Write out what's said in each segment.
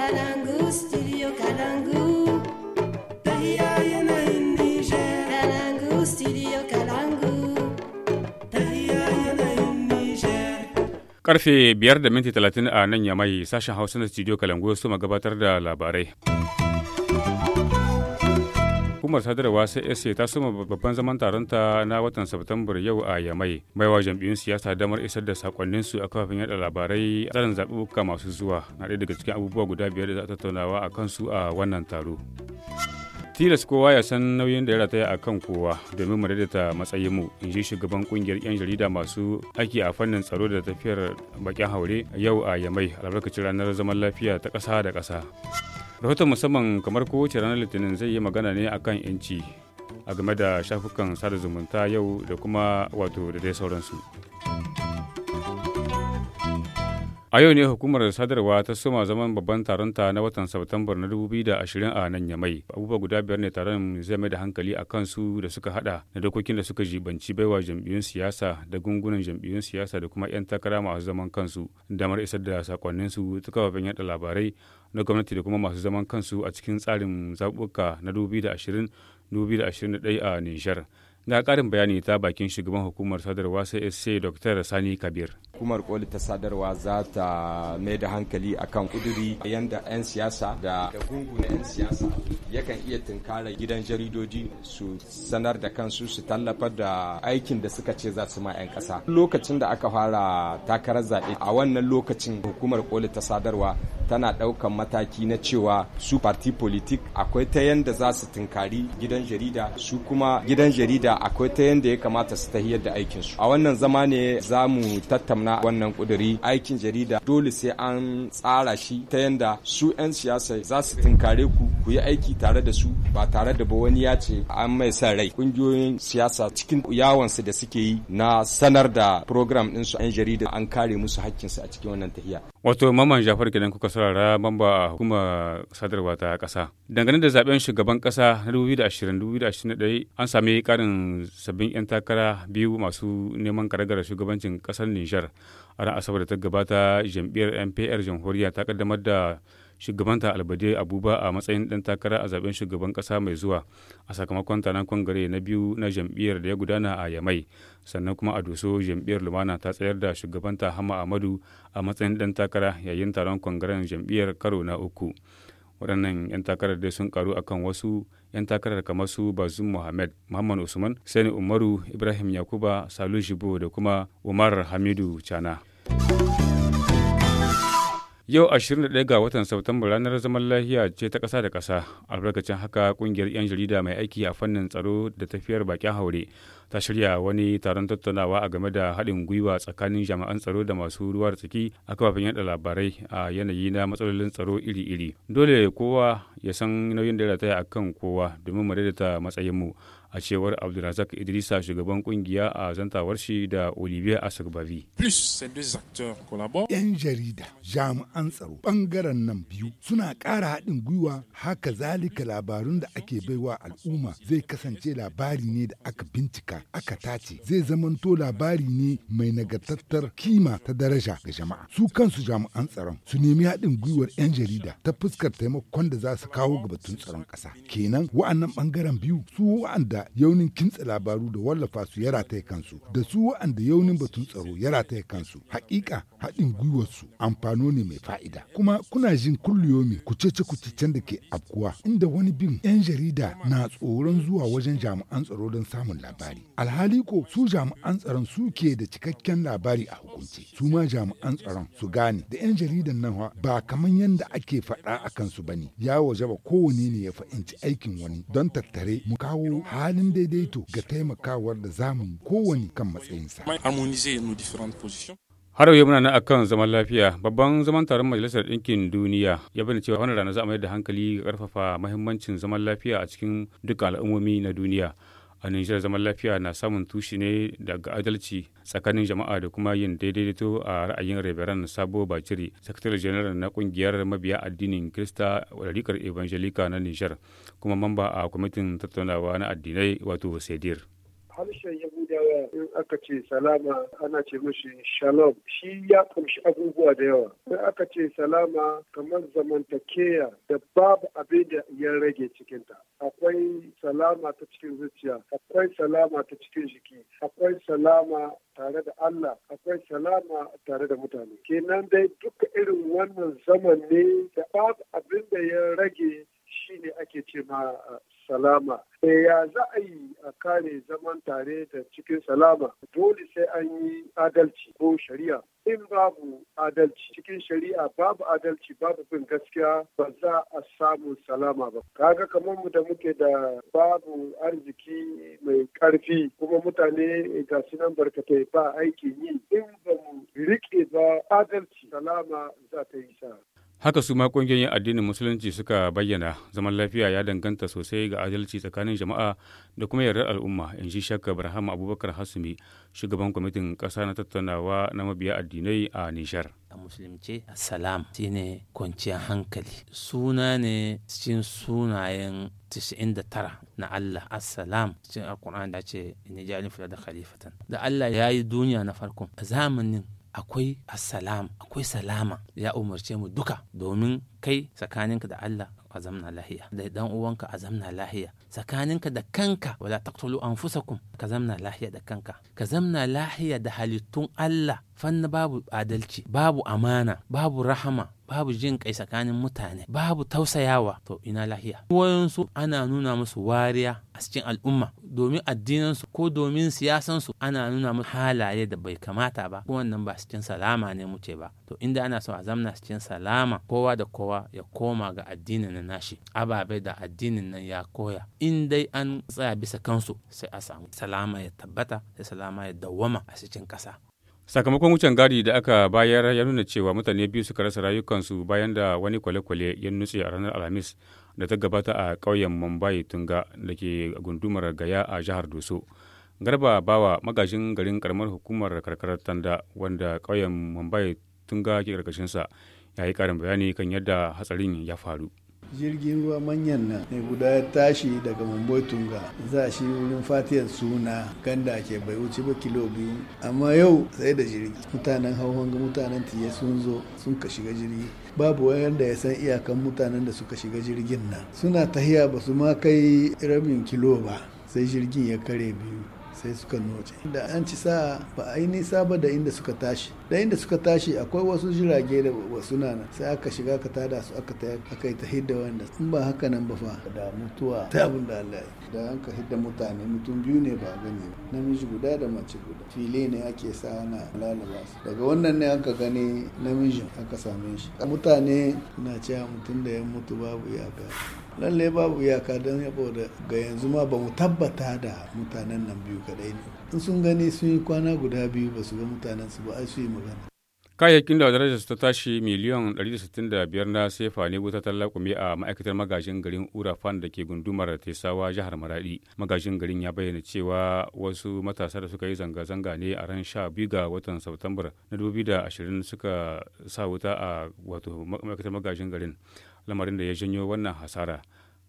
Kalangu, Kalangu. Karfe biyar da minti talatin a nan ya mai sashen Hausa na studio Kalangu su gabatar da labarai. hukumar sadarwa CSA ta suma babban zaman taron ta na watan Satumbar yau a Yamai. Baiwa jam'iyyun siyasa damar isar da sakonninsu a kafafen yada labarai tsarin zaɓuɓɓuka masu zuwa na ɗaya daga cikin abubuwa guda biyar da za a tattaunawa a su a wannan taro. tilas kowa ya san nauyin da ya rataya a kan kowa domin mu daidaita matsayinmu in ji shugaban kungiyar 'yan jarida masu aiki a fannin tsaro da tafiyar bakin haure yau a yamai albarkacin ranar zaman lafiya ta ƙasa da ƙasa. rahoton musamman kamar kowace ranar litinin zai yi magana ne akan yanci a game da shafukan sada zumunta yau da kuma wato da dai sauransu A yau ne hukumar sadarwa ta soma zaman babban taronta na watan Satumbar na 2020 a nan Yamai. Abubuwa guda biyar ne taron zai mai da hankali a kansu da suka hada na dokokin da suka jibanci baiwa jam'iyyun siyasa da gungunan jam'iyyun siyasa da kuma 'yan takara masu zaman kansu damar isar da sakonninsu ta babban yada labarai na gwamnati da kuma masu zaman kansu a cikin tsarin zaɓuɓɓuka na 2020-2021 a Nijar. ga karin bayani ta bakin shugaban hukumar sadarwa sai dr sani kabir hukumar koli ta sadarwa za ta mai da hankali akan kuduri yadda 'yan siyasa da gungu na 'yan siyasa yakan iya tunkara gidan jaridoji su sanar da kansu su tallafar da aikin da suka ce za su ma 'yan ƙasa lokacin da aka fara takarar zaɓe a wannan lokacin hukumar koli ta sadarwa tana ɗaukan mataki na cewa su party politik akwai ta yadda za su tunkari gidan jarida su kuma gidan jarida da akwai ta yanda ya kamata su tahiyar da aikin su a wannan zama ne za mu tattauna wannan kuduri aikin jarida dole sai an tsara shi ta yanda su 'yan siyasa za su tunkare ku yi aiki tare da su ba tare da ba wani ya ce an mai sa rai kungiyoyin siyasa cikin yawansu da suke yi na sanar da program din su an jarida an kare musu su a cikin wannan tahiya wato maman jafar kenan kuka saurara bamba a sadarwa ta kasa dangane da zaben shugaban kasa na 2020-2021 an sami karin sabbin 'yan takara biyu masu neman karagara shugabancin kasar nijar a ran asabar da ta gabata jam'iyyar npr jamhuriya ta kaddamar da shugabanta albade abuba a matsayin dan takara a zaben shugaban kasa mai zuwa a sakamakon taron kongare na biyu na jam'iyyar da ya gudana a yamai sannan kuma a doso jam'iyyar lumana ta tsayar da shugabanta hama amadu a matsayin dan takara yayin taron kwangaren jam'iyyar karo na uku waɗannan 'yan takarar dai sun karu kan wasu 'yan takarar kamar su bazum muhammad muhammad usman sani umaru ibrahim yakuba salu jibo da kuma umar hamidu chana Yau 21 ga watan Satumba ranar zaman lafiya ce ta ƙasa da ƙasa, albarkacin haka ƙungiyar 'yan jarida mai aiki a fannin tsaro da tafiyar bakin haure ta shirya wani taron tattaunawa a game da haɗin gwiwa tsakanin jami'an tsaro da masu ruwa da tsaki a kafafen yaɗa labarai a yanayi na matsalolin tsaro iri-iri. Dole kowa ya san nauyin da ya rataya a kan kowa domin mu daidaita matsayinmu. a cewar abdulrazak idrisa shugaban kungiya a zantawar shi da olivier asogbavi yan jarida jami'an tsaro bangaren nan biyu suna ƙara haɗin gwiwa haka zalika labarun da ake baiwa al'umma zai kasance labari ne da aka bincika aka tace zai zamanto labari ne mai nagartattar kima ta daraja ga jama'a su kansu jami'an tsaron su nemi haɗin gwiwar 'yan jarida ta fuskar taimakon da za su kawo ga batun tsaron ƙasa kenan wa'annan bangaren biyu su wa'anda da yaunin kintsa labaru da wallafa su ya rataye kansu da su waɗanda yaunin batun tsaro yara ta kansu haƙiƙa haɗin gwiwarsu amfano ne mai fa'ida kuma kuna jin kulliyomi kucece kucecen da ke afkuwa inda wani bin 'yan jarida na tsoron zuwa wajen jami'an tsaro don samun labari alhali ko su jami'an tsaron su ke da cikakken labari a hukunci, su ma jami'an tsaron su gane da 'yan jaridan nan ba kamar yadda ake faɗa a kansu ba ne ya waje ba kowane ne ya fahimci aikin wani don tattare mu kawo hali halin daidaito ga taimakawar da zamun kowane kan matsayinsa. har yau muna nan akan zaman lafiya babban zaman taron majalisar ɗinkin duniya ya bani cewa wannan rana za a mayar da hankali ga karfafa mahimmancin zaman lafiya a cikin duka al'ummomi na duniya a Nijar zaman lafiya na samun tushe ne daga adalci tsakanin jama'a da kuma yin daidaito a ra'ayin Reverend Sabo Baciri, Sakatare Janar na kungiyar mabiya addinin Krista Rikar Evangelika na Nijar, kuma mamba a kwamitin tattaunawa na addinai wato Sedir. harshen in aka ce salama ana ce mashi shalom shi ya kumshi abubuwa da yawa in aka ce salama kamar zamantakeya da babu abin da ya rage cikinta akwai salama ta cikin zuciya akwai salama ta cikin jiki akwai salama tare da Allah akwai salama tare da mutane kenan dai duka irin wannan zaman ne da babu abin da ya rage ne ake ce ma uh, salama. E ya za a yi a kare zaman tare da cikin salama dole sai an yi adalci ko shari'a. In babu adalci cikin shari'a babu adalci babu bin gaskiya ba za a samu salama ba. Kaga kamar mu da muke da babu arziki mai karfi kuma mutane ga su nan barkatai ba aikin yi in ba mu riƙe ba adalci salama za ta yi sa. Haka su ma ƙungiyoyin addinin Musulunci suka bayyana zaman lafiya ya danganta sosai ga adalci tsakanin jama'a da kuma yardar al'umma, in ji Shakka Ibrahim Abubakar Hasumi, shugaban kwamitin ƙasa na tattaunawa na mabiya addinai a Nishar. a musulunce salam shine kwanciyar hankali suna ne cikin sunayen 99 na Allah assalam cikin alkur'an da ce ni jalin fula da khalifatan da Allah ya yi duniya na farko a zamanin akwai assalam akwai salama ya umarce mu duka domin kai tsakaninka da Allah a zamna lahiya da dan uwanka a zamna lahiya tsakaninka da kanka wala taqtulu anfusakum ka zamna lahiya da kanka ka zamna lahiya da halittun Allah fanna babu adalci babu amana babu rahama babu jin kai tsakanin mutane babu tausayawa to ina lahiya wayansu ana nuna musu wariya a cikin al'umma domin addinansu ko domin siyasansu ana nuna musu halaye da bai kamata ba ko wannan ba cikin salama ne mu ce ba to inda ana so a zamna cikin salama kowa da kowa ya koma ga addinin na nashi ababe da addinin nan ya koya in dai an tsaya bisa kansu sai a samu salama ya tabbata sai salama ya dawwama a cikin kasa sakamakon wucin gadi da aka bayar ya nuna cewa mutane biyu suka rasa rayukansu bayan da wani kwale-kwale ya nutse a ranar alhamis da ta gabata a ƙauyen mumbai tunga da ke gundumar gaya a jihar doso garba bawa magajin garin karamar hukumar karkarar tanda wanda ƙauyen mumbai tunga ke ƙarƙashinsa ya yi ƙarin bayani kan yadda hatsarin ya faru jirgin ruwa manyan nan ne guda ya tashi daga mumbai tunga za shi wurin fatiyar suna ganda ke bai wuce ba kilo biyu amma yau sai da jirgi mutanen ga mutanen tiye sun zo sun ka shiga jirgi babu wanda ya san iyakan mutanen da suka shiga jirgin nan suna tahiya ba su ma kai rabin kilo ba sai jirgin ya kare biyu sai suka noce da an ci sa ba a yi nisa ba da inda suka tashi da inda suka tashi akwai wasu jirage da wasu nana sai aka shiga ka tada su aka ta aka yi ta hidda wanda in ba haka nan ba fa da mutuwa ta abin da Allah ya da an ka hidda mutane mutum biyu ne ba gani ba namiji guda da mace guda fili ne ake sa ana lalaba su daga wannan ne aka gani namijin aka same shi mutane na cewa mutum da ya mutu babu iyaka lalle babu iyaka don saboda ga yanzu ma ba mu tabbata da mutanen nan biyu kadai ne in sun gani sun yi kwana guda biyu ba su ga mutanen su ba ai su yi magana kayayyakin da darajar ta tashi miliyan 165 na sefa ne wuta ta lakumi a ma'aikatar magajin garin urafan da ke gundumar tesawa jihar maradi magajin garin ya bayyana cewa wasu matasa da suka yi zanga-zanga ne a ran 12 ga watan Satumbar na 2020 suka sa wuta a wato ma'aikatar magajin garin lamarin da ya janyo wannan hasara.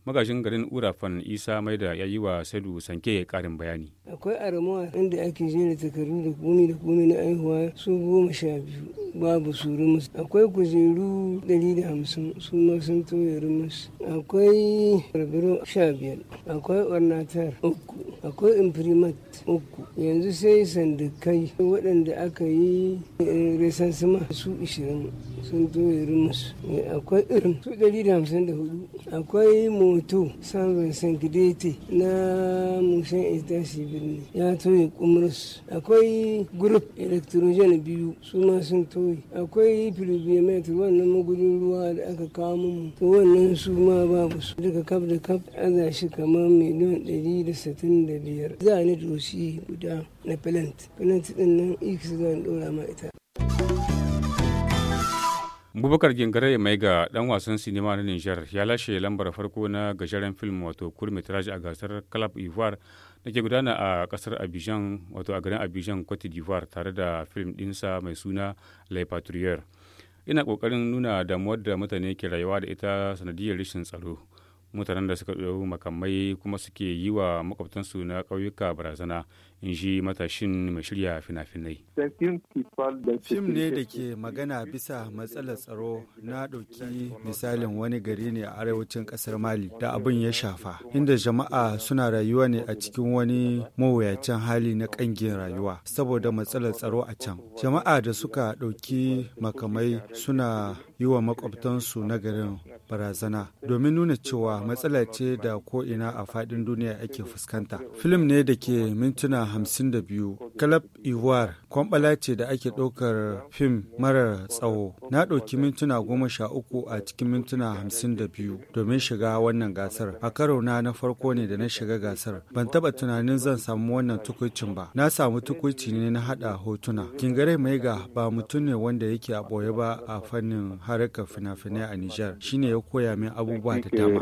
magajin garin urafan isa mai da ya yi wa sadu sanke karin bayani akwai ramuwa inda ake jera takardu da kuni da kuni na aihuwa su goma sha biyu babu suru musu akwai kujeru dari da hamsin su ma sun toyari musu akwai barbaro sha biyar akwai ornatar uku akwai imprimat uku yanzu sai sandukai waɗanda aka yi resansima su ishirin sun zo irin musu akwai irin su ɗari da hamsin da hudu akwai moto san vincent gidete na musan estasi birni ya toye kumrus akwai grup electrogen biyu su ma sun toye akwai pluviometer wannan magudin ruwa da aka kawo mu to wannan su ma babu su daga kaf da kaf aza shi kamar miliyan ɗari da sittin da biyar za ni dosi guda na plant plant ɗin nan x zan ɗora ma ita Bubakar Gingare mai ga dan wasan sinima na Nijar ya lashe lambar farko na gajeren film wato kurmetraji a gasar Club Ivoire da ke gudana a kasar Abidjan wato a garin Abidjan Cote d'Ivoire tare da film dinsa mai suna Le Patrouilleur. Ina kokarin nuna damuwar da mutane ke rayuwa da ita sanadiyar rashin tsaro. mutanen da suka ɗau makamai kuma suke yi wa makwabtansu na ƙauyuka barazana in ji matashin mai shirya fina-finai. Fim ne da ke magana bisa matsalar tsaro na ɗauki misalin wani gari ne a arewacin ƙasar Mali da abin ya shafa, inda jama'a suna rayuwa ne a cikin wani mawuyacin hali na ƙangin rayuwa saboda matsalar tsaro a can. Jama'a da suka ɗauki makamai suna yi wa makwabtansu na garin barazana domin nuna cewa matsala ce da ko'ina a faɗin duniya ake fuskanta. Film ne da ke mintuna hamsin da biyu. Club Ivoire kwambala ce da ake ɗaukar fim marar tsawo. Na ɗauki mintuna goma sha uku a cikin mintuna hamsin da biyu domin shiga wannan gasar. A karo na na farko ne da na shiga gasar. Ban taɓa tunanin zan samu wannan tukucin ba. Na samu tukuci ne na haɗa hotuna. Kingare Maiga ba mutum ne wanda yake a ɓoye ba a fannin harkar fina-finai a Nijar. Shine ya koya min abubuwa da dama.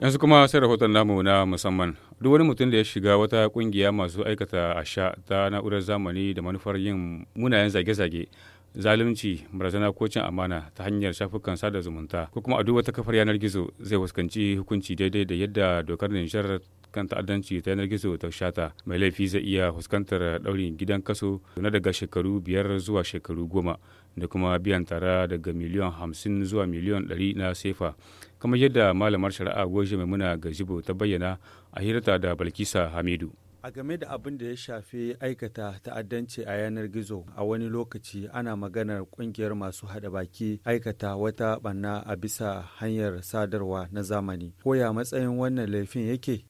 yanzu kuma sai rahoton namu na musamman duk wani mutum da ya shiga wata kungiya masu aikata asha ta na'urar zamani da manufar yin munayen zage-zage zalunci barazana ko cin amana ta hanyar shafukan sada zumunta ko kuma a duk wata kafar yanar gizo zai fuskanci hukunci daidai da yadda dokar nijar kan ta'addanci ta yanar gizo ta shata mai laifi zai iya fuskantar daurin gidan kaso na daga shekaru biyar zuwa shekaru goma da kuma biyan tara daga miliyan hamsin zuwa miliyan ɗari na sefa kamar yadda malamar shari'a goje maimuna gazibo ta bayyana a hirata da balkisa hamidu A game da abin da ya shafi aikata ta'addanci a yanar gizo a wani lokaci ana maganar kungiyar masu hada baki aikata wata banna a bisa hanyar sadarwa na zamani. Koya matsayin wannan laifin yake?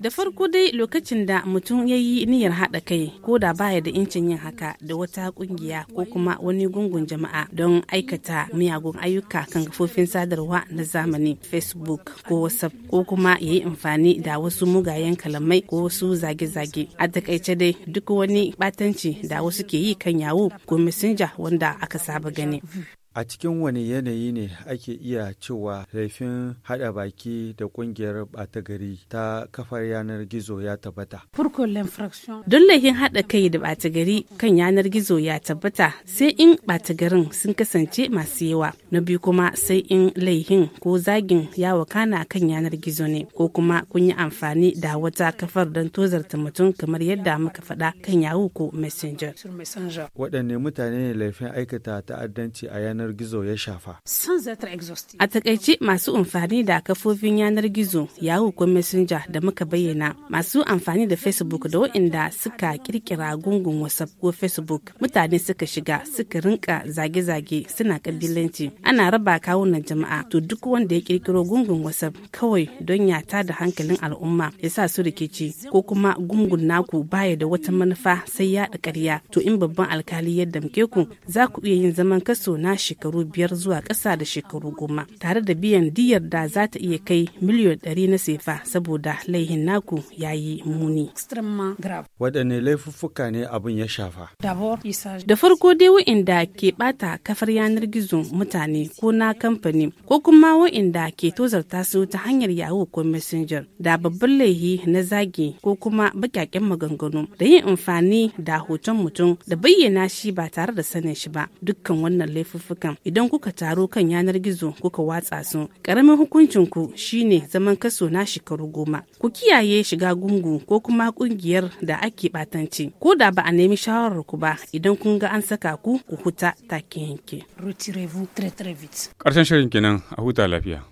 Da farko dai lokacin da mutum ya yi niyyar hada kai ko da baya da incin yin haka da wata kungiya ko kuma wani gungun jama'a don aikata miyagun ayyuka kan kafofin sadarwa na zamani Facebook ko WhatsApp ko kuma ya yi amfani da wasu mugayen kalamai ko wasu zage zage a takaice dai duk wani batanci da wasu ke yi kan yawo ko messenger wanda aka saba gani A cikin wani yanayi ne ake iya cewa laifin haɗa baki da ƙungiyar ɓata gari ta kafar yanar gizo ya tabbata? Don laifin haɗa kai da ɓata gari kan yanar gizo ya tabbata sai in ɓata garin sun kasance masu yawa. Na biyu kuma sai in laifin ko zagin ya wakana kan yanar gizo ne ko kuma kun yi amfani da wata kafar don tozarta mutum kamar yadda muka faɗa kan Yahoo ko Messenger. Waɗanne mutane ne laifin aikata ta'addanci a yanar yanar gizo ya shafa. A takaice masu amfani da kafofin yanar gizo Yahoo ko Messenger da muka bayyana masu amfani da Facebook da waɗanda suka kirkira gungun WhatsApp ko Facebook mutane suka shiga suka rinka zage-zage suna kabilanci ana raba kawunan jama'a to duk wanda ya kirkiro gungun WhatsApp kawai don ya da hankalin al'umma ya sa su rikici ko kuma gungun naku baya da wata manufa sai yaɗa ƙarya to in babban alkali ya damke ku za ku iya yin zaman kaso na shekaru biyar zuwa ƙasa da shekaru goma tare da biyan diyar da za ta iya kai miliyon ɗari na sefa saboda laihin naku ya yi muni. Waɗanne laifuffuka ne abin ya shafa? Da farko dai wa'inda ke ɓata kafar yanar gizo mutane ko na kamfani ko kuma wa'inda ke tozarta su ta hanyar yahoo ko messenger da babban laihi na zagi ko kuma baƙaƙen maganganu da yin amfani da hoton mutum da bayyana shi ba tare da sanin shi ba dukkan wannan laifuffuka idan kuka taro kan yanar gizo kuka watsa su karamin hukuncin ku shine zaman kaso na shekaru goma ku kiyaye shiga gungu ko kuma kungiyar da ake batanci ko da ba a nemi shawarar ku ba idan kun ga an saka ku ku huta take yanke karshen shirin kenan a huta lafiya